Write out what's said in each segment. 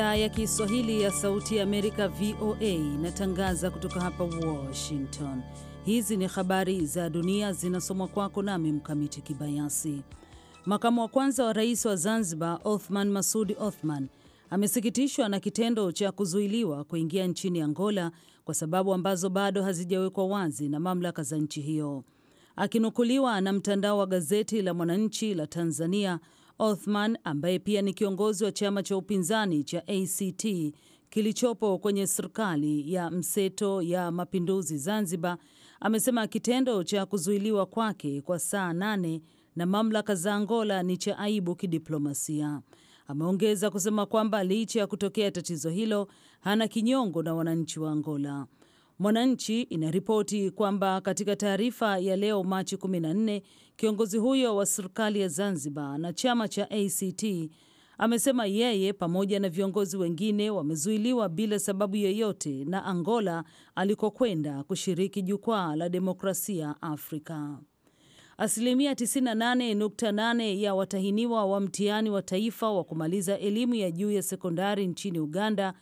idhaa ya Kiswahili ya Sauti ya Amerika, VOA, inatangaza kutoka hapa Washington. Hizi ni habari za dunia zinasomwa kwako nami Mkamiti Kibayasi. Makamu wa kwanza wa rais wa Zanzibar, Othman Masudi Othman, amesikitishwa na kitendo cha kuzuiliwa kuingia nchini Angola kwa sababu ambazo bado hazijawekwa wazi na mamlaka za nchi hiyo. Akinukuliwa na mtandao wa gazeti la Mwananchi la Tanzania, Othman ambaye pia ni kiongozi wa chama cha upinzani cha ACT kilichopo kwenye serikali ya mseto ya mapinduzi Zanzibar, amesema kitendo cha kuzuiliwa kwake kwa saa nane na mamlaka za Angola ni cha aibu kidiplomasia. Ameongeza kusema kwamba licha ya kutokea tatizo hilo, hana kinyongo na wananchi wa Angola. Mwananchi inaripoti kwamba katika taarifa ya leo Machi 14, kiongozi huyo wa serikali ya Zanzibar na chama cha ACT amesema yeye pamoja na viongozi wengine wamezuiliwa bila sababu yoyote na Angola alikokwenda kushiriki jukwaa la demokrasia Afrika. Asilimia 98.8 ya watahiniwa wa mtihani wa taifa wa kumaliza elimu ya juu ya sekondari nchini Uganda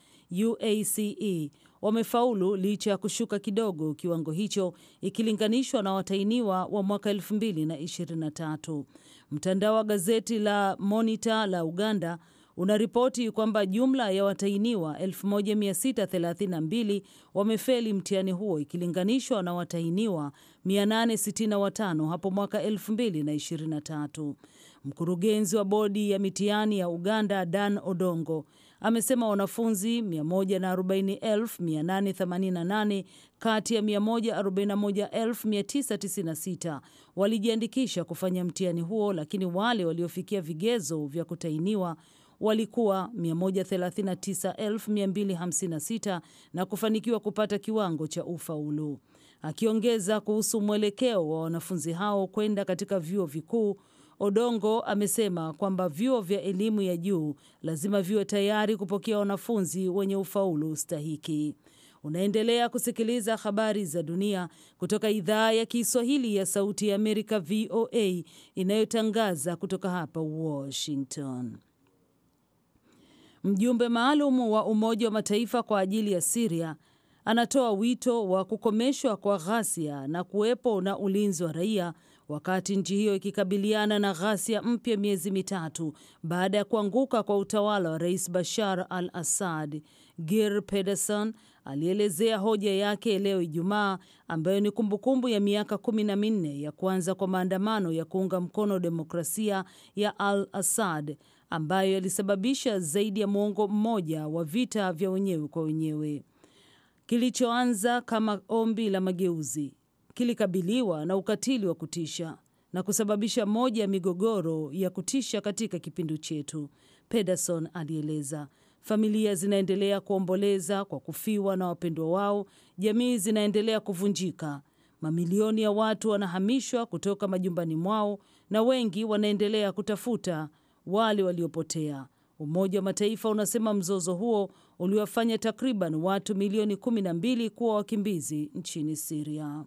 UACE wamefaulu licha ya kushuka kidogo kiwango hicho ikilinganishwa na watainiwa wa mwaka 2023. Mtandao wa gazeti la monita la Uganda unaripoti kwamba jumla ya watainiwa 1632 wamefeli mtihani huo ikilinganishwa na watainiwa 865 hapo mwaka 2023. Mkurugenzi wa bodi ya mitihani ya Uganda Dan Odongo amesema wanafunzi 140,888 kati ya 141,996 walijiandikisha kufanya mtihani huo, lakini wale waliofikia vigezo vya kutainiwa walikuwa 139,256 na kufanikiwa kupata kiwango cha ufaulu. Akiongeza kuhusu mwelekeo wa wanafunzi hao kwenda katika vyuo vikuu, Odongo amesema kwamba vyuo vya elimu ya juu lazima viwe tayari kupokea wanafunzi wenye ufaulu stahiki. Unaendelea kusikiliza habari za dunia kutoka idhaa ya Kiswahili ya Sauti ya Amerika, VOA, inayotangaza kutoka hapa Washington. Mjumbe maalum wa Umoja wa Mataifa kwa ajili ya Siria anatoa wito wa kukomeshwa kwa ghasia na kuwepo na ulinzi wa raia wakati nchi hiyo ikikabiliana na ghasia mpya miezi mitatu baada ya kuanguka kwa utawala wa Rais Bashar al-Assad. Geir Pedersen alielezea hoja yake leo Ijumaa, ambayo ni kumbukumbu ya miaka kumi na minne ya kuanza kwa maandamano ya kuunga mkono demokrasia ya al-Assad ambayo yalisababisha zaidi ya muongo mmoja wa vita vya wenyewe kwa wenyewe kilichoanza kama ombi la mageuzi kilikabiliwa na ukatili wa kutisha na kusababisha moja ya migogoro ya kutisha katika kipindi chetu, Pederson alieleza. Familia zinaendelea kuomboleza kwa kufiwa na wapendwa wao, jamii zinaendelea kuvunjika, mamilioni ya watu wanahamishwa kutoka majumbani mwao na wengi wanaendelea kutafuta wale waliopotea. Umoja wa Mataifa unasema mzozo huo uliwafanya takriban watu milioni kumi na mbili kuwa wakimbizi nchini Siria.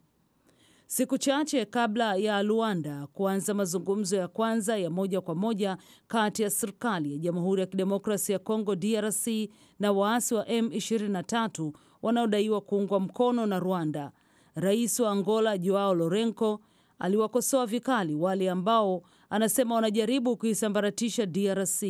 Siku chache kabla ya Luanda kuanza mazungumzo ya kwanza ya moja kwa moja kati ya serikali ya Jamhuri ya Kidemokrasia ya Kongo DRC na waasi wa M23 wanaodaiwa kuungwa mkono na Rwanda, Rais wa Angola Joao Lourenco aliwakosoa vikali wale ambao anasema wanajaribu kuisambaratisha DRC.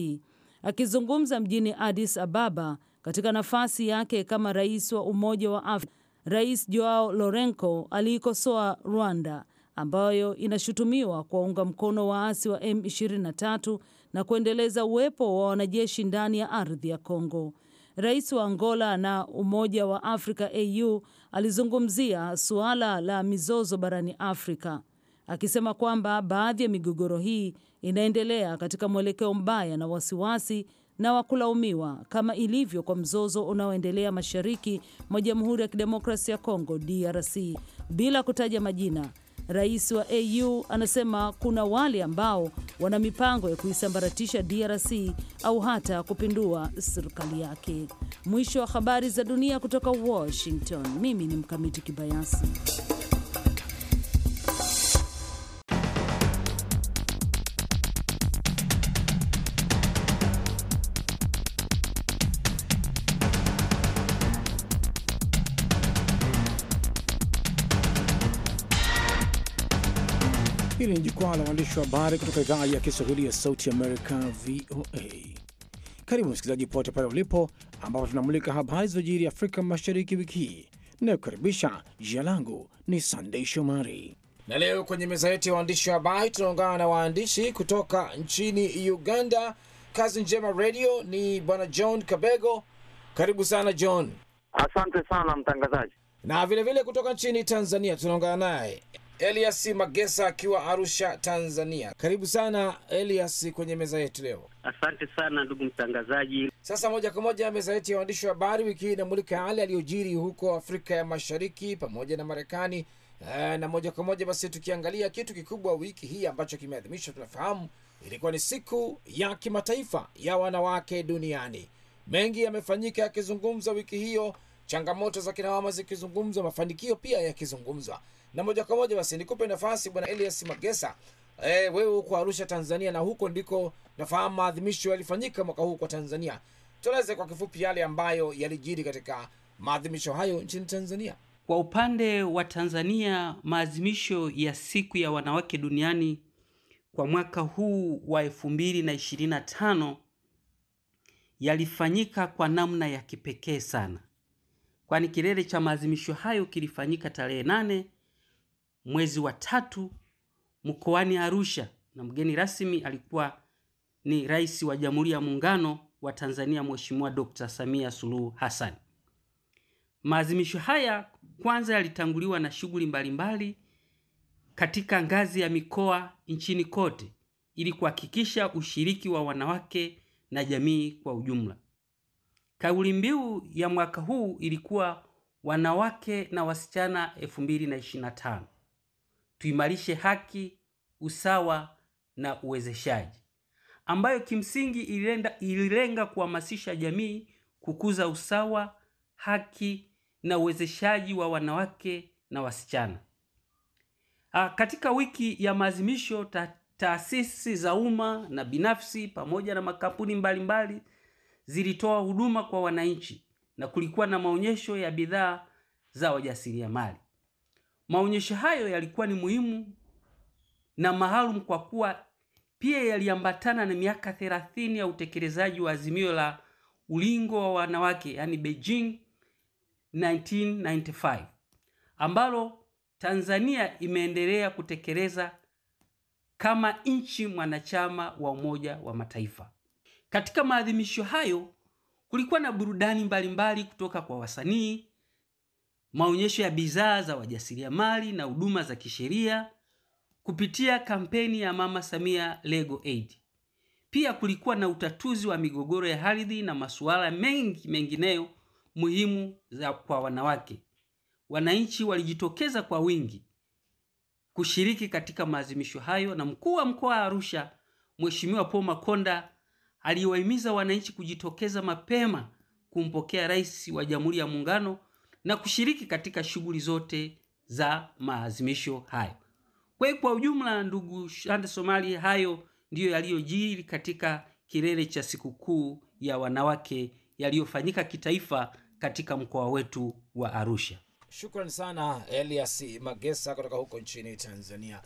Akizungumza mjini Addis Ababa katika nafasi yake kama rais wa Umoja wa Afrika Rais Joao lorenco aliikosoa Rwanda ambayo inashutumiwa kuwaunga mkono waasi wa M23 na kuendeleza uwepo wa wanajeshi ndani ya ardhi ya Kongo. Rais wa Angola na Umoja wa Afrika AU alizungumzia suala la mizozo barani Afrika akisema kwamba baadhi ya migogoro hii inaendelea katika mwelekeo mbaya na wasiwasi na wa kulaumiwa kama ilivyo kwa mzozo unaoendelea mashariki mwa Jamhuri ya Kidemokrasia ya Kongo DRC. Bila kutaja majina, rais wa AU anasema kuna wale ambao wana mipango ya kuisambaratisha DRC au hata kupindua serikali yake. Mwisho wa habari za dunia kutoka Washington. Mimi ni Mkamiti Kibayasi. ni jukwaa la waandishi wa habari kutoka idhaa ya Kiswahili ya Sauti Amerika, VOA. Karibu msikilizaji pote pale ulipo, ambapo tunamulika habari zilizojiri Afrika Mashariki wiki hii inayokaribisha. Jina langu ni Sandei Shomari, na leo kwenye meza yetu ya waandishi wa habari tunaungana na waandishi kutoka nchini Uganda. Kazi Njema Radio ni bwana John Kabego, karibu sana John. Asante sana mtangazaji. Na vilevile vile kutoka nchini Tanzania tunaungana naye Elias Magesa akiwa Arusha, Tanzania. Karibu sana Elias kwenye meza yetu leo. Asante sana ndugu mtangazaji. Sasa moja kwa moja meza yetu ya waandishi wa habari wiki hii inamulika yale aliyojiri huko Afrika ya Mashariki pamoja na Marekani. Eh, na moja kwa moja basi tukiangalia kitu kikubwa wiki hii ambacho kimeadhimishwa, tunafahamu ilikuwa ni siku ya kimataifa ya wanawake duniani. Mengi yamefanyika yakizungumzwa wiki hiyo, changamoto za kinawama zikizungumzwa, mafanikio pia yakizungumzwa, na moja kwa moja basi nikupe nafasi bwana Elias Magesa, e, wewe huko Arusha Tanzania, na huko ndiko nafahamu maadhimisho yalifanyika mwaka huu kwa Tanzania. Tueleze kwa kifupi yale ambayo yalijiri katika maadhimisho hayo nchini Tanzania. Kwa upande wa Tanzania, maadhimisho ya siku ya wanawake duniani kwa mwaka huu wa 2025 yalifanyika kwa namna ya kipekee sana, kwani kilele cha maadhimisho hayo kilifanyika tarehe nane mwezi wa tatu mkoani Arusha, na mgeni rasmi alikuwa ni Rais wa Jamhuri ya Muungano wa Tanzania Mheshimiwa Dr. Samia Suluhu Hassan. maazimisho haya kwanza yalitanguliwa na shughuli mbalimbali katika ngazi ya mikoa nchini kote ili kuhakikisha ushiriki wa wanawake na jamii kwa ujumla. Kauli mbiu ya mwaka huu ilikuwa wanawake na wasichana 2025 tuimarishe haki, usawa na uwezeshaji ambayo kimsingi ilenda, ililenga kuhamasisha jamii kukuza usawa, haki na uwezeshaji wa wanawake na wasichana. A, ah, katika wiki ya maadhimisho ta, taasisi za umma na binafsi pamoja na makampuni mbalimbali zilitoa huduma kwa wananchi na kulikuwa na maonyesho ya bidhaa za wajasiriamali. Maonyesho hayo yalikuwa ni muhimu na maalum kwa kuwa pia yaliambatana na miaka 30 ya utekelezaji wa azimio la ulingo wa wanawake, yani Beijing 1995 ambalo Tanzania imeendelea kutekeleza kama nchi mwanachama wa Umoja wa Mataifa. Katika maadhimisho hayo kulikuwa na burudani mbalimbali mbali kutoka kwa wasanii, maonyesho ya bidhaa za wajasiriamali na huduma za kisheria kupitia kampeni ya Mama Samia Legal Aid. Pia kulikuwa na utatuzi wa migogoro ya ardhi na masuala mengi mengineyo muhimu za kwa wanawake. Wananchi walijitokeza kwa wingi kushiriki katika maadhimisho hayo, na mkuu wa mkoa wa Arusha Mheshimiwa Paul Makonda aliwahimiza wananchi kujitokeza mapema kumpokea Rais wa Jamhuri ya Muungano na kushiriki katika shughuli zote za maazimisho hayo. Kwa hiyo kwa ujumla, ndugu Shande Somali, hayo ndiyo yaliyojiri katika kilele cha sikukuu ya wanawake yaliyofanyika kitaifa katika mkoa wetu wa Arusha. Shukran sana Elias Magesa kutoka huko nchini Tanzania.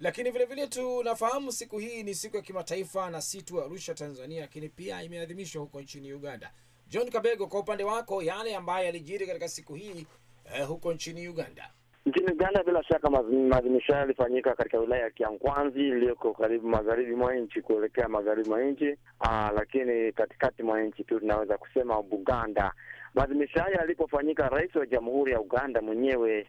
Lakini vilevile tunafahamu siku hii ni siku ya kimataifa na si tu Arusha, Tanzania, lakini pia imeadhimishwa huko nchini Uganda. John Kabego, kwa upande wako yale ambayo yalijiri katika siku hii eh, huko nchini Uganda. Nchini Uganda bila shaka maadhimisho hayo yalifanyika katika wilaya ya Kiankwanzi iliyoko karibu magharibi mwa nchi kuelekea magharibi mwa nchi, ah, lakini katikati mwa nchi tu tunaweza kusema Buganda. Maadhimisho hayo yalipofanyika, rais wa jamhuri ya Uganda mwenyewe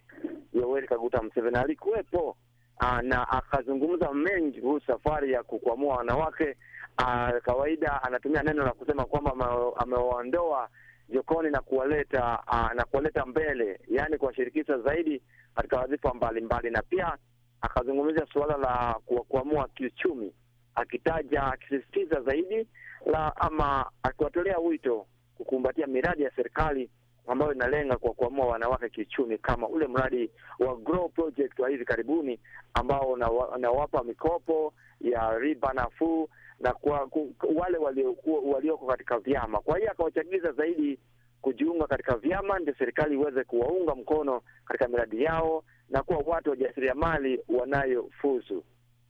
Yoweri Kaguta Museveni alikuwepo ah, na akazungumza mengi kuhusu safari ya kukwamua wanawake uh, kawaida anatumia neno la kusema kwamba amewaondoa jokoni na kuwaleta uh, na kuwaleta mbele, yaani kuwashirikisha zaidi katika wadhifa mbalimbali, na pia akazungumzia suala la kuwakwamua kiuchumi, akitaja akisisitiza zaidi la ama akiwatolea wito kukumbatia miradi ya serikali ambayo inalenga kuwakwamua wanawake kiuchumi kama ule mradi wa Grow Project wa hivi karibuni ambao unawapa mikopo ya riba nafuu na kwa ku, wale walioko walio katika vyama. Kwa hiyo akawachagiza zaidi kujiunga katika vyama, ndio serikali iweze kuwaunga mkono katika miradi yao na kuwa watu wajasiriamali wanayofuzu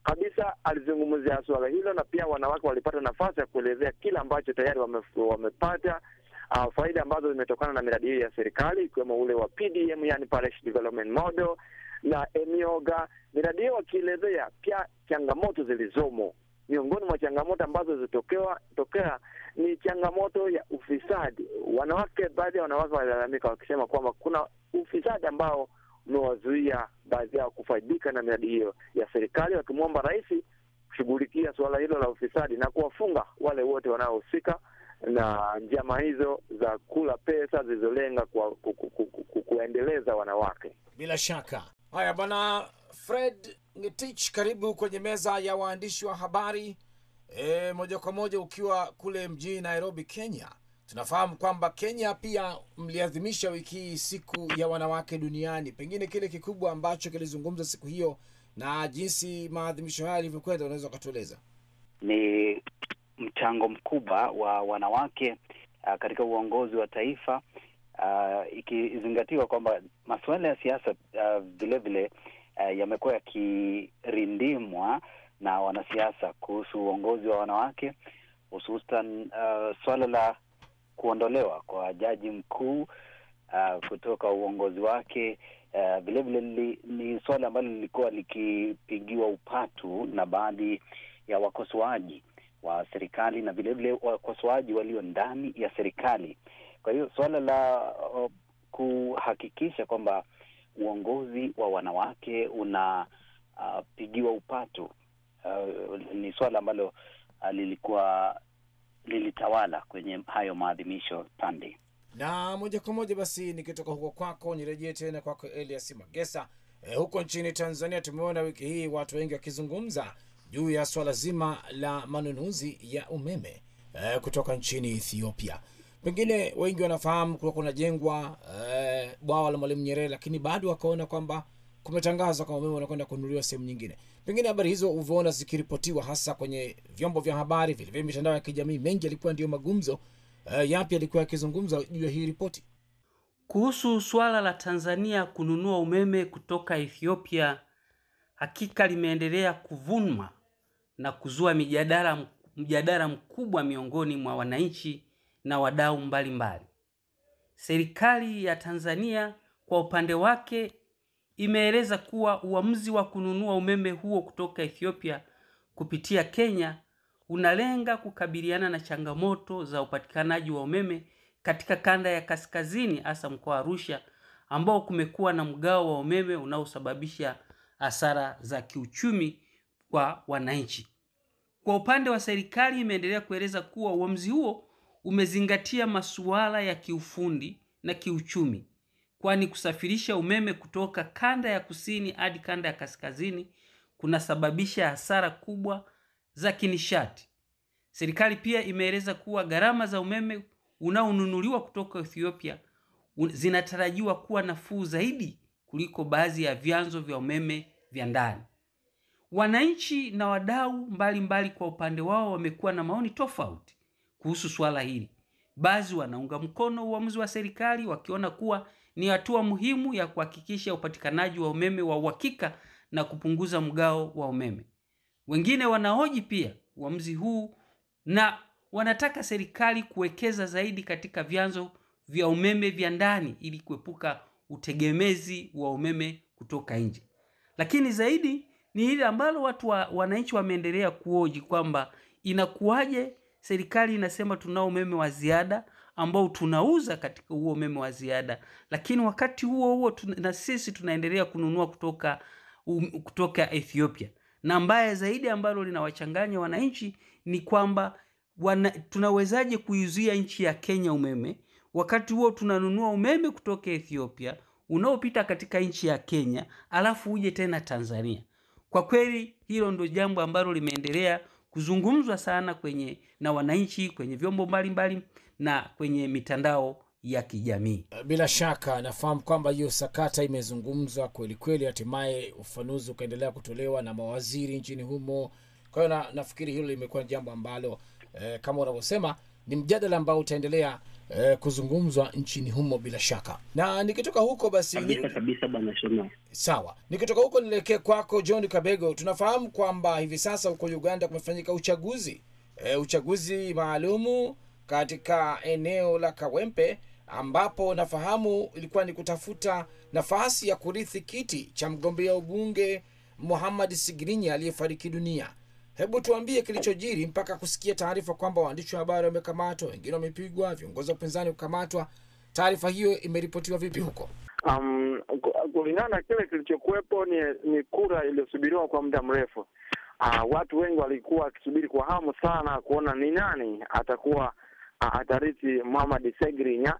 kabisa. Alizungumzia suala hilo, na pia wanawake walipata nafasi ya kuelezea kile ambacho tayari wame, wamepata Uh, faida ambazo zimetokana na miradi hiyo ya serikali ikiwemo ule wa PDM, yani Parish Development Model na Emioga. Miradi hiyo wakielezea pia changamoto zilizomo Miongoni mwa changamoto ambazo zilitokea ni changamoto ya ufisadi. Wanawake, baadhi ya wanawake walilalamika wakisema kwamba kuna ufisadi ambao umewazuia baadhi yao kufaidika na miradi hiyo ya serikali, wakimwomba rais kushughulikia suala hilo la ufisadi na kuwafunga wale wote wanaohusika na njama hizo za kula pesa zilizolenga kuendeleza wanawake. Bila shaka Haya bwana Fred Ngetich, karibu kwenye meza ya waandishi wa habari. E, moja kwa moja ukiwa kule mjini Nairobi, Kenya. Tunafahamu kwamba Kenya pia mliadhimisha wiki hii siku ya wanawake duniani. Pengine kile kikubwa ambacho kilizungumza siku hiyo na jinsi maadhimisho haya yalivyokwenda, unaweza ukatueleza? Ni mchango mkubwa wa wanawake katika uongozi wa taifa uh, ikizingatiwa kwamba masuala ya siasa vilevile uh, uh, yamekuwa yakirindimwa na wanasiasa kuhusu uongozi wa wanawake hususan uh, swala la kuondolewa kwa jaji mkuu uh, kutoka uongozi wake vilevile uh, vile ni suala ambalo lilikuwa likipigiwa upatu na baadhi ya wakosoaji wa serikali na vilevile wakosoaji walio ndani ya serikali kwa hiyo suala la uh, kuhakikisha kwamba uongozi wa wanawake unapigiwa uh, upatu uh, ni suala ambalo uh, lilikuwa lilitawala kwenye hayo maadhimisho Sunday. Na moja kwa moja basi nikitoka huko kwako nirejee tena kwako Elias Magesa. E, huko nchini Tanzania tumeona wiki hii watu wengi wakizungumza juu ya swala zima la manunuzi ya umeme e, kutoka nchini Ethiopia pengine wengi wanafahamu kulikuwa kunajengwa e, bwawa la Mwalimu Nyerere, lakini bado wakaona kwamba kumetangazwa kama umeme unakwenda kununuliwa sehemu nyingine. Pengine habari hizo uviona zikiripotiwa hasa kwenye vyombo vya habari, vilevile mitandao ya kijamii, mengi yalikuwa ndiyo magumzo e, yapi yalikuwa yakizungumza juu ya hii ripoti kuhusu swala la Tanzania kununua umeme kutoka Ethiopia. Hakika limeendelea kuvunwa na kuzua mjadala mjadala mkubwa miongoni mwa wananchi na wadau mbalimbali. Serikali ya Tanzania kwa upande wake imeeleza kuwa uamuzi wa kununua umeme huo kutoka Ethiopia kupitia Kenya unalenga kukabiliana na changamoto za upatikanaji wa umeme katika kanda ya kaskazini, hasa mkoa wa Arusha ambao kumekuwa na mgao wa umeme unaosababisha hasara za kiuchumi kwa wananchi. Kwa upande wa serikali imeendelea kueleza kuwa uamuzi huo umezingatia masuala ya kiufundi na kiuchumi, kwani kusafirisha umeme kutoka kanda ya kusini hadi kanda ya kaskazini kunasababisha hasara kubwa za kinishati. Serikali pia imeeleza kuwa gharama za umeme unaonunuliwa kutoka Ethiopia zinatarajiwa kuwa nafuu zaidi kuliko baadhi ya vyanzo vya umeme vya ndani. Wananchi na wadau mbalimbali kwa upande wao wamekuwa na maoni tofauti kuhusu suala hili. Baadhi wanaunga mkono uamuzi wa serikali wakiona kuwa ni hatua muhimu ya kuhakikisha upatikanaji wa umeme wa uhakika na kupunguza mgao wa umeme. Wengine wanahoji pia uamuzi huu na wanataka serikali kuwekeza zaidi katika vyanzo vya umeme vya ndani ili kuepuka utegemezi wa umeme kutoka nje. Lakini zaidi ni hili ambalo watu wa, wananchi wameendelea kuoji kwamba inakuwaje serikali inasema tunao umeme wa ziada ambao tunauza katika huo umeme wa ziada, lakini wakati huo huo na sisi tunaendelea kununua kutoka, um, kutoka Ethiopia. Na mbaya zaidi ambalo linawachanganya wananchi ni kwamba wana, tunawezaje kuizuia nchi ya Kenya umeme wakati huo tunanunua umeme kutoka Ethiopia unaopita katika nchi ya Kenya alafu uje tena Tanzania. Kwa kweli hilo ndio jambo ambalo limeendelea kuzungumzwa sana kwenye na wananchi kwenye vyombo mbalimbali mbali, na kwenye mitandao ya kijamii. Bila shaka nafahamu kwamba hiyo sakata imezungumzwa kwelikweli, hatimaye ufanuzi ukaendelea kutolewa na mawaziri nchini humo. Kwa hiyo na, nafikiri hilo limekuwa jambo ambalo eh, kama unavyosema ni mjadala ambao utaendelea eh, kuzungumzwa nchini humo bila shaka. Na nikitoka huko basi kabisa, kabisa bwana Shona, sawa. Nikitoka huko nielekee kwako John Kabego, tunafahamu kwamba hivi sasa huko Uganda kumefanyika uchaguzi eh, uchaguzi maalumu katika eneo la Kawempe ambapo nafahamu ilikuwa ni kutafuta nafasi ya kurithi kiti cha mgombea ubunge Muhammad Sigirinya aliyefariki dunia. Hebu tuambie kilichojiri mpaka kusikia taarifa kwamba waandishi wa habari wamekamatwa, wengine wamepigwa, viongozi wa upinzani kukamatwa. Taarifa hiyo imeripotiwa vipi huko? Um, kulingana na kile kilichokuwepo ni, ni kura iliyosubiriwa kwa muda mrefu. Uh, watu wengi walikuwa wakisubiri kwa hamu sana kuona ni nani atakuwa uh, ah, atariti muhamad Segrinya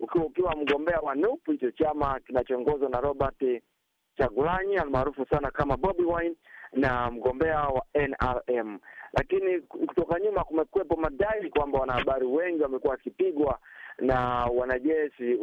ukiwa ukiwa mgombea wa NUP, hicho chama kinachoongozwa na Robert Chagulanyi almaarufu sana kama Bobby Wine na mgombea wa NRM, lakini kutoka nyuma kumekuwepo madai kwamba wanahabari wengi wamekuwa wakipigwa na wanajeshi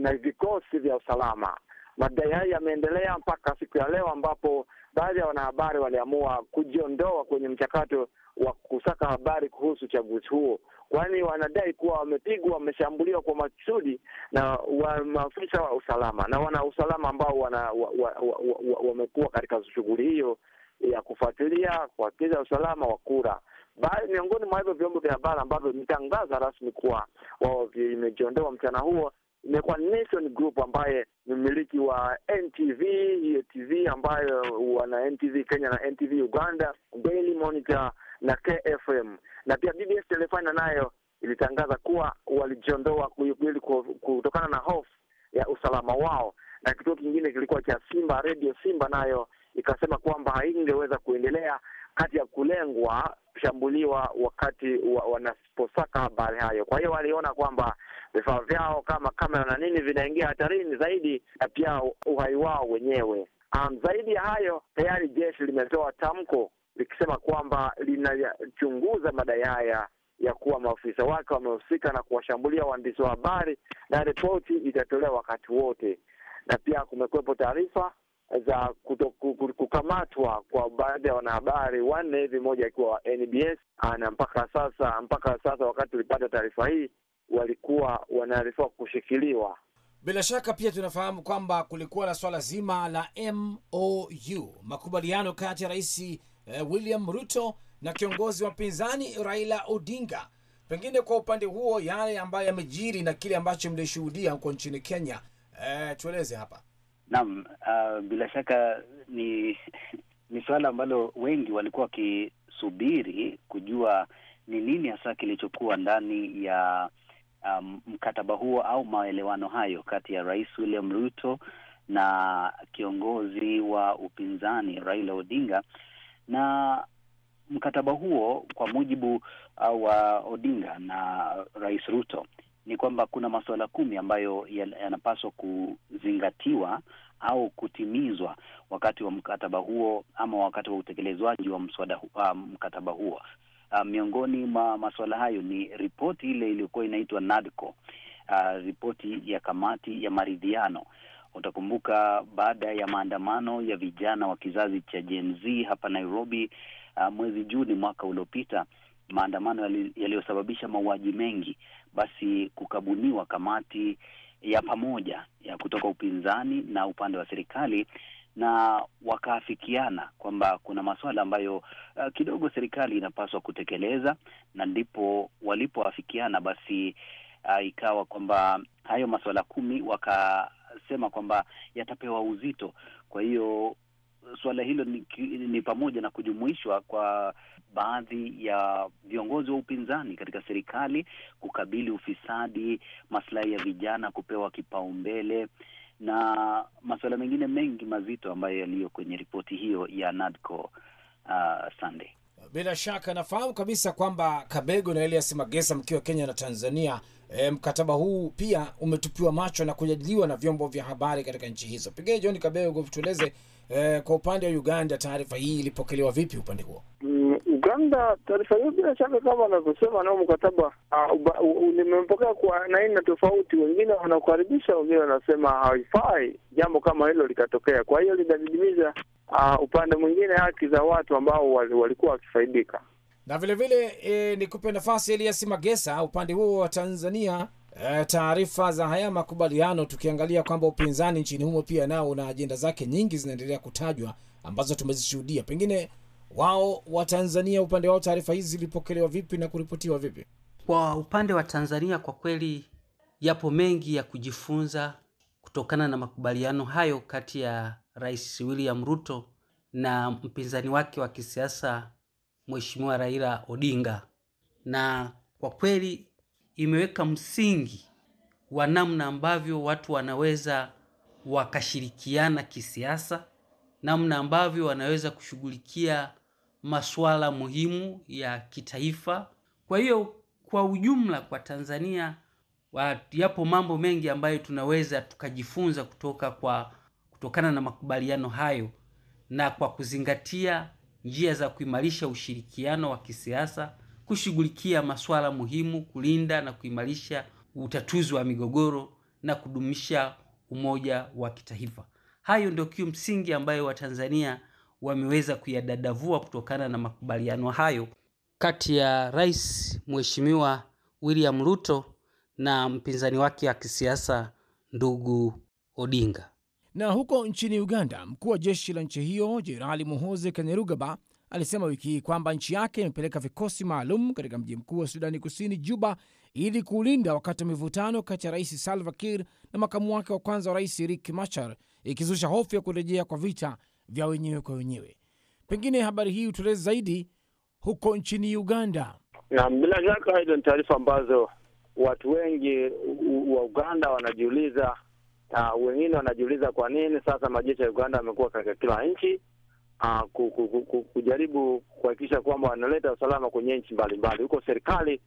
na vikosi vya usalama. Madai hayo yameendelea mpaka siku ya leo ambapo baadhi ya wanahabari waliamua kujiondoa kwenye mchakato wa kusaka habari kuhusu uchaguzi huo, kwani wanadai kuwa wamepigwa, wameshambuliwa kwa makusudi na maafisa wa usalama na wana usalama ambao wamekuwa wa, wa, wa, wa, wa katika shughuli hiyo ya kufuatilia kuhakikisha usalama wa kura. Bali miongoni mwa hivyo vyombo vya habari ambavyo vimetangaza rasmi kuwa wao vimejiondoa mchana huo imekuwa Nation Group ambaye ni mmiliki wa NTV, hiyo TV ambayo wana NTV Kenya na NTV Uganda, Daily Monitor na KFM, na pia BBS Telefina nayo ilitangaza kuwa walijiondoa kweli kutokana na hofu ya usalama wao, na kituo kingine kilikuwa cha Simba Radio Simba nayo ikasema kwamba haingeweza kuendelea kati ya kulengwa shambuliwa wakati wanaposaka wa habari hayo. Kwa hiyo waliona kwamba vifaa vyao kama kamera na nini vinaingia hatarini zaidi na pia uhai wao wenyewe. Um, zaidi ya hayo tayari jeshi limetoa tamko likisema kwamba linachunguza madai haya ya kuwa maafisa wake wamehusika na kuwashambulia waandishi wa habari na ripoti itatolewa wakati wote, na pia kumekuwepo taarifa za kukamatwa kwa baadhi ya wanahabari wanne hivi, moja akiwa NBS na mpaka sasa, mpaka sasa wakati tulipata taarifa hii walikuwa wanaarifiwa kushikiliwa. Bila shaka pia tunafahamu kwamba kulikuwa na swala zima la MOU, makubaliano kati ya Rais eh, William Ruto na kiongozi wa pinzani Raila Odinga. Pengine kwa upande huo, yale ambayo yamejiri na kile ambacho mlishuhudia huko nchini Kenya, eh, tueleze hapa. Naam, uh, bila shaka ni ni suala ambalo wengi walikuwa wakisubiri kujua ni nini hasa kilichokuwa ndani ya um, mkataba huo au maelewano hayo kati ya Rais William Ruto na kiongozi wa upinzani Raila Odinga. Na mkataba huo kwa mujibu uh, wa Odinga na Rais Ruto ni kwamba kuna masuala kumi ambayo yanapaswa kuzingatiwa au kutimizwa wakati wa mkataba huo ama wakati wa utekelezwaji wa mswada hu, uh, mkataba huo. Uh, miongoni mwa masuala hayo ni ripoti ile iliyokuwa inaitwa NADCO, uh, ripoti ya kamati ya maridhiano. Utakumbuka baada ya maandamano ya vijana wa kizazi cha jenz hapa Nairobi, uh, mwezi Juni mwaka uliopita maandamano yaliyosababisha mauaji mengi, basi kukabuniwa kamati ya pamoja ya kutoka upinzani na upande wa serikali na wakaafikiana kwamba kuna masuala ambayo uh, kidogo serikali inapaswa kutekeleza, na ndipo walipoafikiana basi uh, ikawa kwamba hayo masuala kumi wakasema kwamba yatapewa uzito. Kwa hiyo suala hilo ni, ni pamoja na kujumuishwa kwa baadhi ya viongozi wa upinzani katika serikali kukabili ufisadi, maslahi ya vijana kupewa kipaumbele na masuala mengine mengi mazito ambayo yaliyo kwenye ripoti hiyo ya NADCO. Uh, Sunday bila shaka nafahamu kabisa kwamba Kabego na Elias Magesa mkiwa Kenya na Tanzania, e, mkataba huu pia umetupiwa macho na kujadiliwa na vyombo vya habari katika nchi hizo. pigee John Kabego, tueleze e, kwa upande wa Uganda taarifa hii ilipokelewa vipi upande huo? labda taarifa hiyo bila shaka, kama anavyosema nao mkataba, ah, nimepokea kwa aina tofauti. Wengine wanakukaribisha, wengine wanasema haifai jambo kama hilo likatokea. Kwa hiyo linadidimiza uh, upande mwingine haki za watu ambao walikuwa wakifaidika na vilevile vile, e, nikupe nafasi Elias Magesa, upande huo wa Tanzania. E, taarifa za haya makubaliano tukiangalia kwamba upinzani nchini humo pia nao una ajenda zake nyingi zinaendelea kutajwa ambazo tumezishuhudia, pengine wao wa Tanzania, upande wao taarifa hizi zilipokelewa vipi na kuripotiwa vipi? Kwa upande wa Tanzania, kwa kweli yapo mengi ya kujifunza kutokana na makubaliano hayo kati ya Rais William Ruto na mpinzani wake wa kisiasa Mheshimiwa Raila Odinga, na kwa kweli imeweka msingi wa namna ambavyo watu wanaweza wakashirikiana kisiasa, namna ambavyo wanaweza kushughulikia masuala muhimu ya kitaifa. Kwa hiyo kwa ujumla, kwa Tanzania wa, yapo mambo mengi ambayo tunaweza tukajifunza kutoka kwa kutokana na makubaliano hayo na kwa kuzingatia njia za kuimarisha ushirikiano wa kisiasa, kushughulikia masuala muhimu, kulinda na kuimarisha utatuzi wa migogoro na kudumisha umoja wa kitaifa. Hayo ndio msingi ambayo Watanzania wameweza kuyadadavua kutokana na makubaliano hayo kati ya Rais Mheshimiwa William Ruto na mpinzani wake wa kisiasa ndugu Odinga. Na huko nchini Uganda, mkuu wa jeshi la nchi hiyo Jenerali Muhoze kanyerugaba alisema wiki hii kwamba nchi yake imepeleka vikosi maalum katika mji mkuu wa Sudani Kusini, Juba, ili kuulinda wakati wa mivutano kati ya Rais Salva Kiir na makamu wake wa kwanza wa rais Riek Machar, ikizusha hofu ya kurejea kwa vita vya wenyewe kwa wenyewe. Pengine habari hii hutueleze zaidi huko nchini Uganda. Na bila shaka hizo ni taarifa ambazo watu wengi wa Uganda wanajiuliza, Uh, wengine wanajiuliza kwa nini sasa majeshi ya Uganda yamekuwa katika kila nchi Uh, ku, ku, ku, kujaribu kuhakikisha kwamba wanaleta usalama kwenye nchi mbalimbali. Huko serikali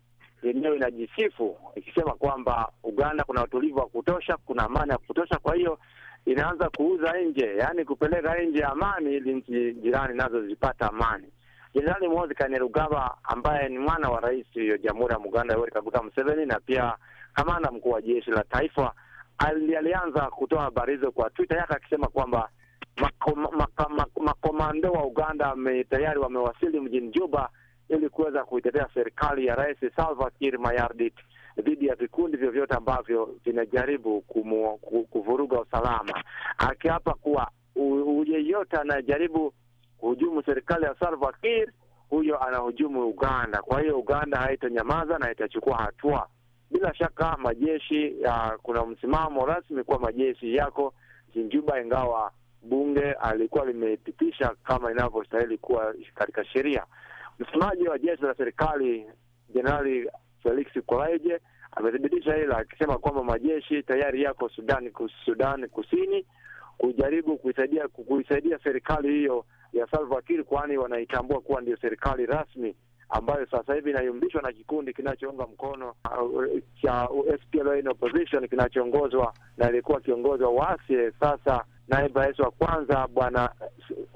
yenyewe inajisifu ikisema kwamba Uganda kuna utulivu wa kutosha, kuna amani ya kutosha, kwa hiyo inaanza kuuza nje, yaani kupeleka nje amani, ili nchi jirani nazo zipata amani. Jenerali Mozi Kainerugaba ambaye ni mwana wa rais wa Jamhuri ya Muganda Yoweri Kaguta Museveni na pia kamanda mkuu wa jeshi la taifa ali, alianza kutoa habari hizo kwa Twitter yake akisema kwamba makomando mako, mako, mako, wa Uganda tayari wamewasili mjini Juba ili kuweza kuitetea serikali ya Rais Salva Kiir Mayardit dhidi ya vikundi vyovyote ambavyo vinajaribu kuvuruga usalama, akiapa kuwa yeyote anajaribu kuhujumu serikali ya Salva Kiir huyo anahujumu Uganda. Kwa hiyo Uganda haitanyamaza na itachukua hatua. Bila shaka majeshi ya, kuna msimamo rasmi kuwa majeshi yako Sinjuba, ingawa bunge alikuwa limepitisha kama inavyostahili kuwa katika sheria. Msemaji wa jeshi la serikali Jenerali Felix Kureje amethibitisha hilo akisema kwamba majeshi tayari yako Sudan, Sudan Kusini kujaribu kuisaidia kuisaidia serikali hiyo ya Salva Kiir, kwani wanaitambua kuwa ndio serikali rasmi ambayo sasa hivi inayumbishwa na kikundi kinachounga mkono uh, cha SPLA in opposition kinachoongozwa na aliyekuwa kiongozi wa waasi sasa naibu rais wa kwanza bwana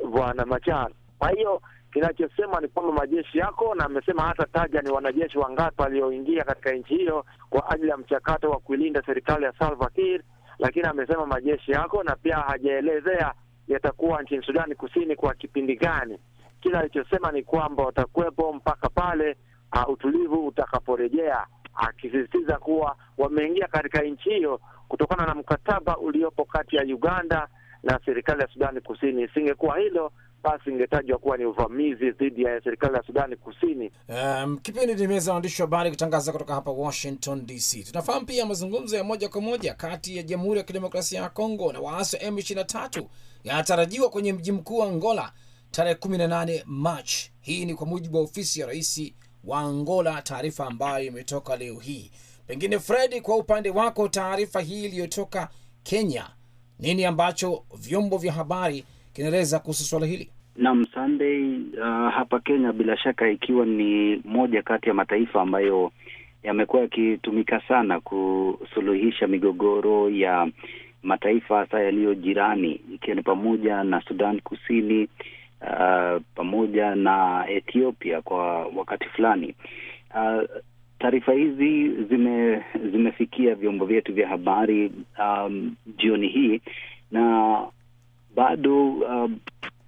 bwana Machar. Kwa hiyo kinachosema ni kwamba majeshi yako, na amesema hata taja ni wanajeshi wangapi walioingia katika nchi hiyo kwa ajili ya mchakato wa kuilinda serikali ya Salva Kiir, lakini amesema majeshi yako, na pia hajaelezea yatakuwa nchini Sudani Kusini kwa kipindi gani. Kila alichosema ni kwamba watakuwepo mpaka pale uh, utulivu utakaporejea, akisisitiza uh, kuwa wameingia katika nchi hiyo kutokana na mkataba uliopo kati ya Uganda na serikali ya Sudani Kusini. Isingekuwa hilo basi ingetajwa kuwa ni uvamizi dhidi ya serikali ya Sudani Kusini. Um, kipindi ni meza waandishi wa habari kutangaza kutoka hapa Washington DC. Tunafahamu pia mazungumzo ya moja kwa moja kati ya Jamhuri ya Kidemokrasia ya Kongo na waasi wa M23 yanatarajiwa kwenye mji mkuu wa Angola tarehe 18 mach Hii ni kwa mujibu wa ofisi ya rais wa Angola, taarifa ambayo imetoka leo hii. Pengine Fredi, kwa upande wako, taarifa hii iliyotoka Kenya, nini ambacho vyombo vya habari kinaeleza kuhusu suala hili? nam Sunday, uh, hapa Kenya bila shaka ikiwa ni moja kati ya mataifa ambayo yamekuwa yakitumika sana kusuluhisha migogoro ya mataifa hasa yaliyo jirani, ikiwa ni pamoja na Sudan Kusini, uh, pamoja na Ethiopia kwa wakati fulani. Uh, taarifa hizi zime, zimefikia vyombo vyetu vya habari um, jioni hii na bado um,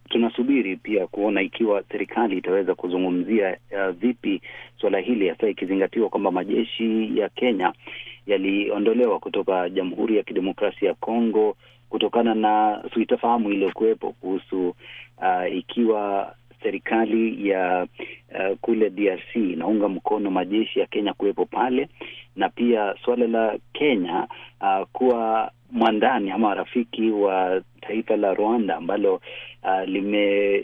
tunasubiri pia kuona ikiwa serikali itaweza kuzungumzia uh, vipi suala hili hasa ikizingatiwa kwamba majeshi ya Kenya yaliondolewa kutoka Jamhuri ya Kidemokrasia ya Kongo kutokana na suitafahamu iliyokuwepo kuhusu uh, ikiwa serikali ya uh, kule DRC inaunga mkono majeshi ya Kenya kuwepo pale na pia suala la Kenya uh, kuwa mwandani ama rafiki wa taifa la Rwanda ambalo uh, lime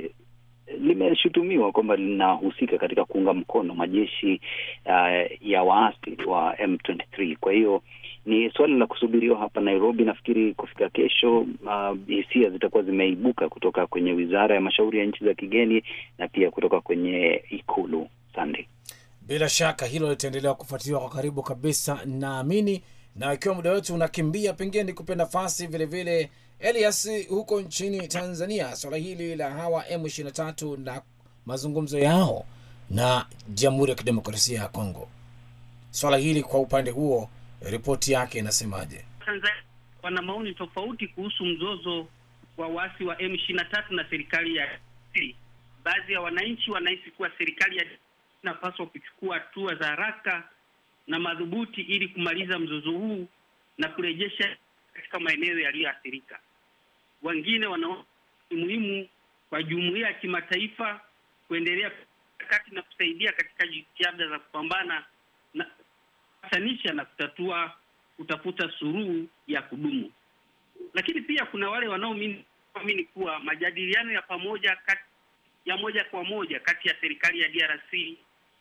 limeshutumiwa kwamba linahusika katika kuunga mkono majeshi uh, ya waasi wa M23. Kwa hiyo ni suala la kusubiriwa hapa Nairobi. Nafikiri kufika kesho, uh, hisia zitakuwa zimeibuka kutoka kwenye wizara ya mashauri ya nchi za kigeni na pia kutoka kwenye ikulu. Sande. Bila shaka hilo litaendelea kufuatiliwa kwa karibu kabisa, naamini na ikiwa muda wetu unakimbia, pengine ni nikupe nafasi vilevile, Elias, huko nchini Tanzania, swala hili la hawa M23 na mazungumzo yao na Jamhuri ya Kidemokrasia ya Kongo, swala hili kwa upande huo, ripoti yake inasemaje? wana maoni tofauti kuhusu mzozo wa waasi wa M23 na serikali ya baadhi ya wananchi wanahisi kuwa serikali ya tunapaswa kuchukua hatua za haraka na madhubuti ili kumaliza mzozo huu na kurejesha katika maeneo yaliyoathirika. Wengine wanaona ni muhimu kwa jumuiya ya kimataifa kuendelea kati na kusaidia katika jitihada za kupambana na kupatanisha na kutatua kutafuta suluhu ya kudumu. Lakini pia kuna wale wanaoamini kuwa majadiliano ya pamoja kati, ya moja kwa moja kati ya serikali ya DRC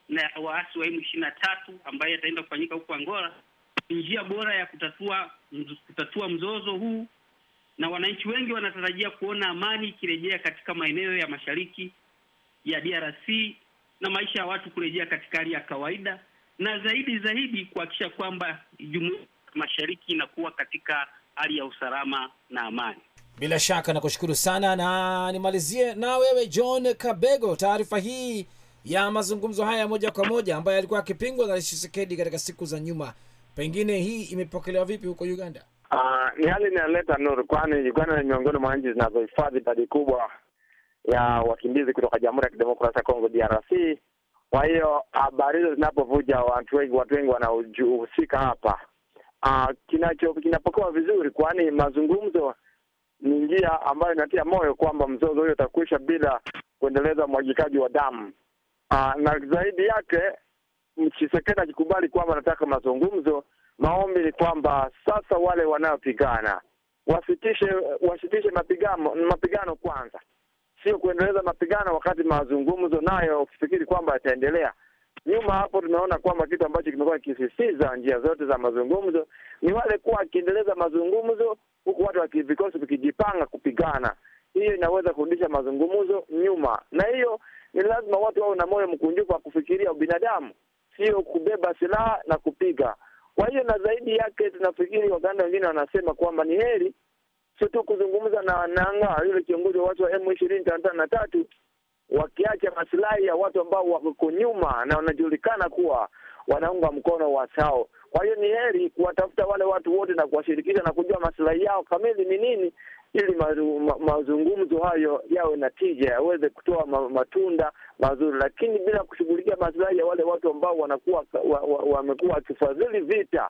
na waasi wa M ishirini na tatu ambayo yataenda kufanyika huko Angola ni njia bora ya kutatua kutatua mzozo huu, na wananchi wengi wanatarajia kuona amani ikirejea katika maeneo ya mashariki ya DRC na maisha ya watu kurejea katika hali ya kawaida, na zaidi zaidi kuhakikisha kwamba jumuiya mashariki inakuwa katika hali ya usalama na amani. Bila shaka nakushukuru sana, na nimalizie na wewe John Kabego, taarifa hii ya mazungumzo haya moja kwa moja ambayo alikuwa akipingwa na Rais Tshisekedi katika siku za nyuma. Pengine hii imepokelewa vipi huko Uganda? Uh, ni hali inaleta nuru, kwani Uganda ni miongoni mwa nchi zinazohifadhi idadi kubwa ya wakimbizi kutoka Jamhuri ya Kidemokrasia ya Kongo, DRC. Kwa hiyo habari hizo zinapovuja, watu wengi watu wengi wanaohusika hapa. Uh, kinacho kinapokewa vizuri, kwani mazungumzo ni njia ambayo inatia moyo kwamba mzozo huyo utakwisha bila kuendeleza mwagikaji wa damu. Aa, ah, na zaidi yake Chisekedi akikubali kwamba anataka mazungumzo, maombi ni kwamba sasa wale wanaopigana wasitishe wasitishe mapigano, mapigano kwanza, sio kuendeleza mapigano wakati mazungumzo nayo ukifikiri kwamba yataendelea. Nyuma hapo tumeona kwamba kitu ambacho kimekuwa kikisisitiza njia zote za mazungumzo ni wale kuwa akiendeleza mazungumzo huku watu wa vikosi vikijipanga kupigana. Hiyo inaweza kurudisha mazungumzo nyuma, na hiyo ni lazima watu wawe na moyo mkunjufu wa kufikiria ubinadamu, sio kubeba silaha na kupiga. Kwa hiyo na zaidi yake, tunafikiri Waganda wengine wanasema kwamba ni heri sio tu kuzungumza na Nanga yule kiongozi wa watu wa M ishirini na tatu, wakiacha masilahi ya watu ambao wako nyuma na wanajulikana kuwa wanaunga mkono wasao. Kwa hiyo ni heri kuwatafuta wale watu wote na kuwashirikisha na kujua masilahi yao kamili ni nini, ili ma, mazungumzo hayo yawe na tija, yaweze kutoa ma, matunda mazuri, lakini bila kushughulikia masilahi ya wale watu ambao wanakuwa wamekuwa wa, wakifadhili vita,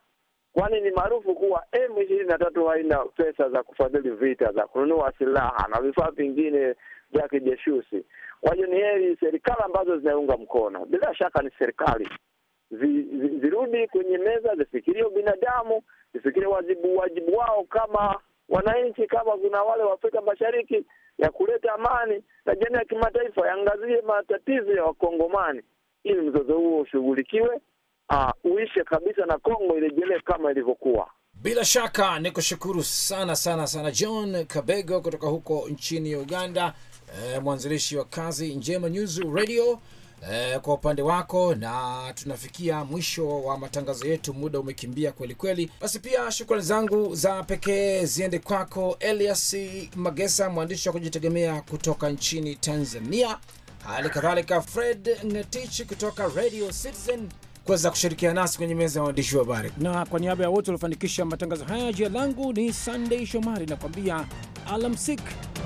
kwani ni maarufu kuwa M ishirini na tatu haina pesa za kufadhili vita, za kununua silaha na vifaa vingine vya kijeshusi Kwa hiyo ni heri serikali ambazo zinaunga mkono, bila shaka ni serikali zirudi kwenye meza, zifikirie ubinadamu zifikirie wajibu wajibu wao kama wananchi kama kuna wale wa Afrika Mashariki ya kuleta amani, na jamii ya kimataifa yaangazie matatizo ya Wakongomani ili mzozo huo ushughulikiwe, ah, uishe kabisa na Kongo irejelee kama ilivyokuwa. Bila shaka ni kushukuru sana sana sana John Kabego kutoka huko nchini Uganda, eh, mwanzilishi wa Kazi Njema News Radio e, kwa upande wako, na tunafikia mwisho wa matangazo yetu, muda umekimbia kweli kweli. Basi pia shukrani zangu za pekee ziende kwako Elias Magesa, mwandishi wa kujitegemea kutoka nchini Tanzania, hali kadhalika Fred Ngatichi kutoka Radio Citizen kuweza kushirikiana nasi kwenye meza ya waandishi wa habari, na kwa niaba ya wote waliofanikisha matangazo haya, jina langu ni Sunday Shomari, nakwambia alamsik